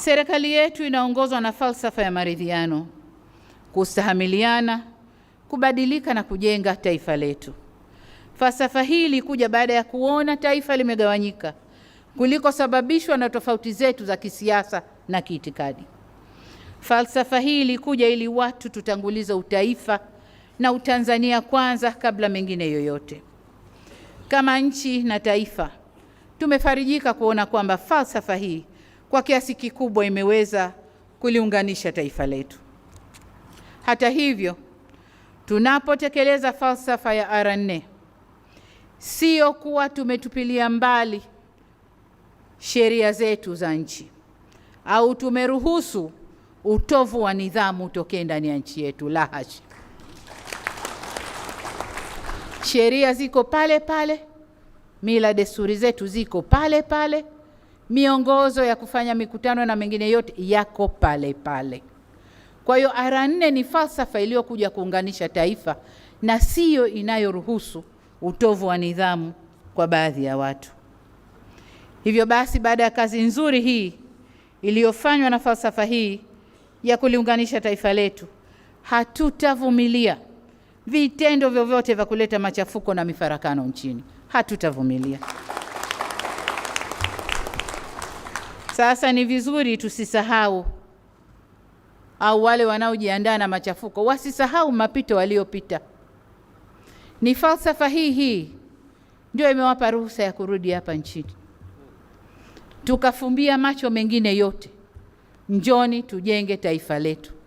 Serikali yetu inaongozwa na falsafa ya maridhiano, kustahamiliana, kubadilika na kujenga taifa letu. Falsafa hii ilikuja baada ya kuona taifa limegawanyika kulikosababishwa na tofauti zetu za kisiasa na kiitikadi. Falsafa hii ilikuja ili watu tutangulize utaifa na Utanzania kwanza kabla mengine yoyote. Kama nchi na taifa tumefarijika kuona kwamba falsafa hii kwa kiasi kikubwa imeweza kuliunganisha taifa letu. Hata hivyo, tunapotekeleza falsafa ya R 4 sio kuwa tumetupilia mbali sheria zetu za nchi au tumeruhusu utovu wa nidhamu utokee ndani ya nchi yetu. La hasha, sheria ziko pale pale, mila desturi zetu ziko pale pale miongozo ya kufanya mikutano na mengine yote yako pale pale. Kwa hiyo R 4 ni falsafa iliyokuja kuunganisha taifa na siyo inayoruhusu utovu wa nidhamu kwa baadhi ya watu. Hivyo basi, baada ya kazi nzuri hii iliyofanywa na falsafa hii ya kuliunganisha taifa letu, hatutavumilia vitendo vyovyote vya kuleta machafuko na mifarakano nchini. Hatutavumilia. Sasa ni vizuri tusisahau, au wale wanaojiandaa na machafuko wasisahau mapito waliopita. Ni falsafa hii hii ndio imewapa ruhusa ya kurudi hapa nchini, tukafumbia macho mengine yote. Njoni tujenge taifa letu.